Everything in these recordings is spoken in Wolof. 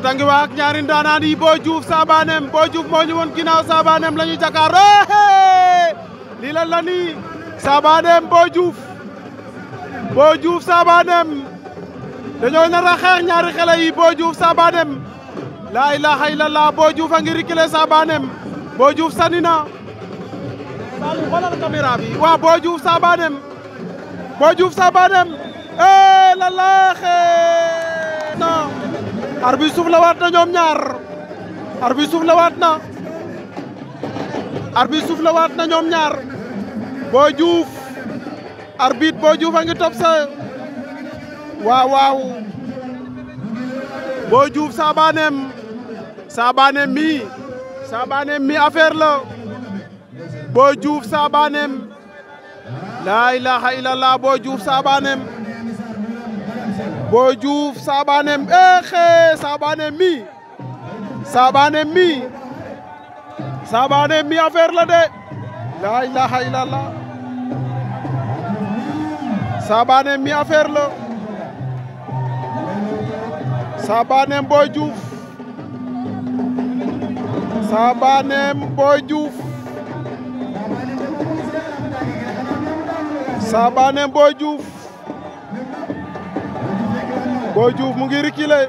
arbitre a ngi wax di ñaari Sabanem bojuf Diouf moo ñu Sabanem lagi Jakarta jàkkaarloo lilalani Sabanem bojuf bojuf Sabanem dengan nar a xeex ñaari Sabanem la ilaha illallah Boy Sabanem bojuf sanina sànni na Sabanem bojuf Sabanem eh la la arbitre suuf la waat na ñoom ñaar arbitre suuf la waat suuf la waat na ñoom ñaar Boy Diouf arbitre Boy Diouf a ngi topp sa waaw waaw Boy Diouf Sabanem Sabanem mi Sabanem mi affaire la Boy Diouf Sabanem la ilaha illallah Boy Diouf Sabanem Boy Diouf Sabané exe Sabané mi eh, Sabané mi Sabané mi affaire la de la ilaha illallah Sabané mi affaire la Sabané Boy Diouf Sabané Boy Diouf Sabané Boy Boy Diouf mu ngi reculer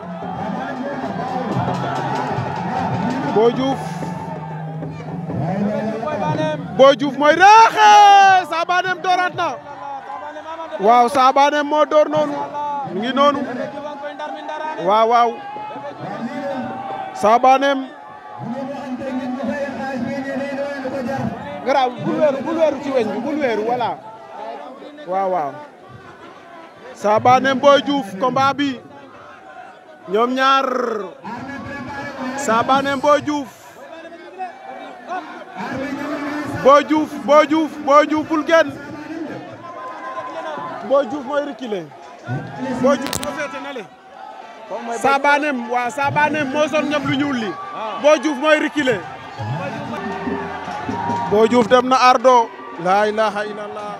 Boy Diouf Boy Diouf mooy reexe Sabanem dooraat na waaw Sabanem moo door noonu mu ngi noonu waaw waaw Sabanem garaaw bul weeru bul weeru ci weñ bi bul weeru voilà waaw waaw Sabané Boy Diouf combat bi ñoom ñaar Sabané Boy Diouf Boy Diouf Boy bul génn Boy mooy reculer Boy Diouf moo féete na le ñuul li Boy Diouf mooy reculer Boy dem na ardo la ilaha illallah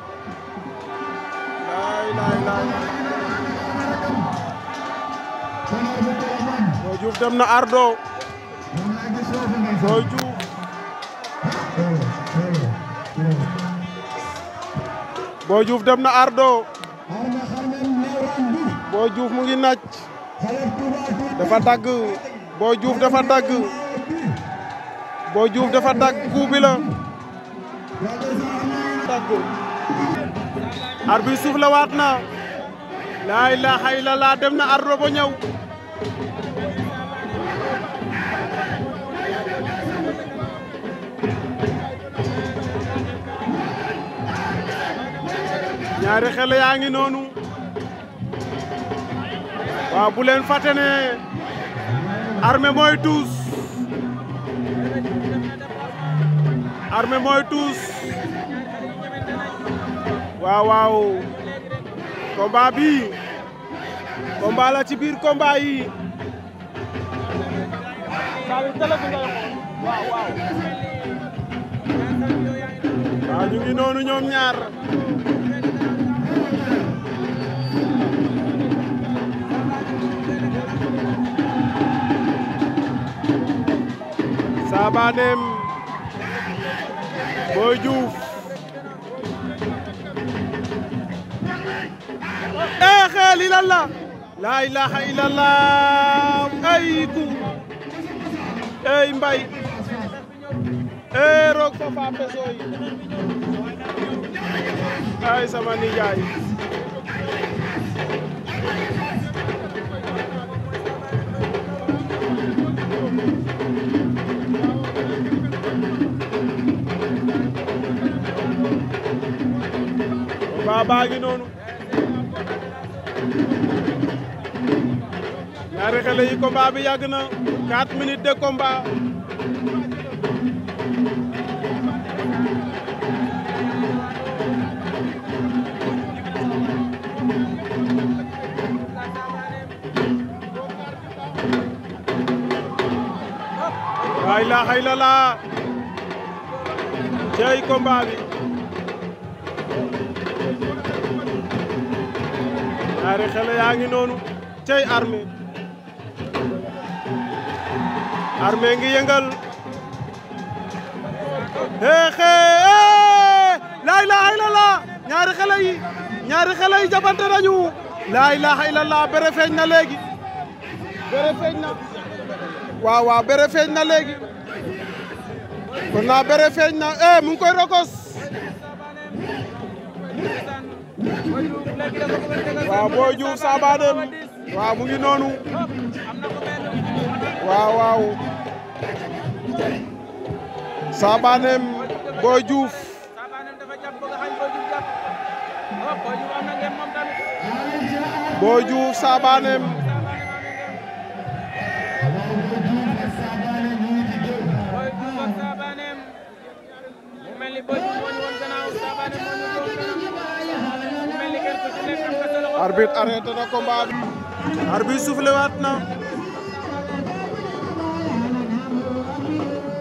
Boy Diouf dem na Ardo Boy Diouf Boy Diouf dem na Ardo boo Diouf mu ngi naaj dafa dagg Boy Diouf dafa dagg boo Diouf dafa dagg kuu arbi suuf la waat na laa ilaaha illallah dem na ardo ba ñëw ñaari xel yaa ngi noonu waaw bu leen fàtte ne armée mooy tuus armée waaw waaw combat bi combat la ci biir combat yi waaw noonu ñoom ñaar Sabanem Boy ee xeel ilallah laa ilaaha ilallah ay ku ey mbay ee roog fa faa pesooy ay sama nijaay baa baa ngi noonu xale yi combat bi yàgg na 4 minutes de combat. waay la la laa combat bi are xale yaangi nonu tay armée armée ngi yëngal xeexe laa ilaha illallah ñaari xale ñaari xale yi jabante nañu laa na léegi bere feeñ na waaw waaw léegi kon naa bere na eh mu rokos waaw Boy Diouf waaw mu ngi Sambaaneem Boy Diouf Boy Diouf Sambaaneem arbitre arrêté na combat bi arbitre soufflé na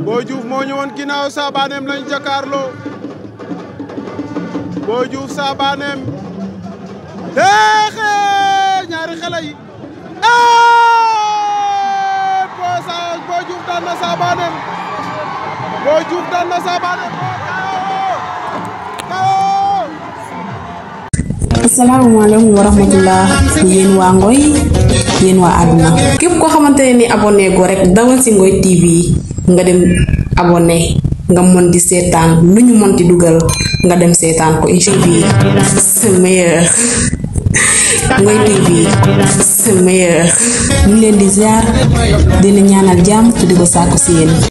Boy Diouf moo ñëwoon ginnaaw Sabaneem lañ jàkkaarloo Boy Diouf banem dexe ñaari xale yi ee Boy sa Boy Diouf daan na banem Boy Diouf daan na Sabaneem asalaamaaleykum wa rahmatullah yen wa Ngoy yen wa aduna kep ko xamanteni abonné go rek dawal si Ngoy TV nga dem abonné nga mën di seetaan lu ñu mën di dugal nga dem seetaan ko IGTV bi c'est meilleur Ngoye leen di ziar di leen ñaanal jàmm te di ko sàkku si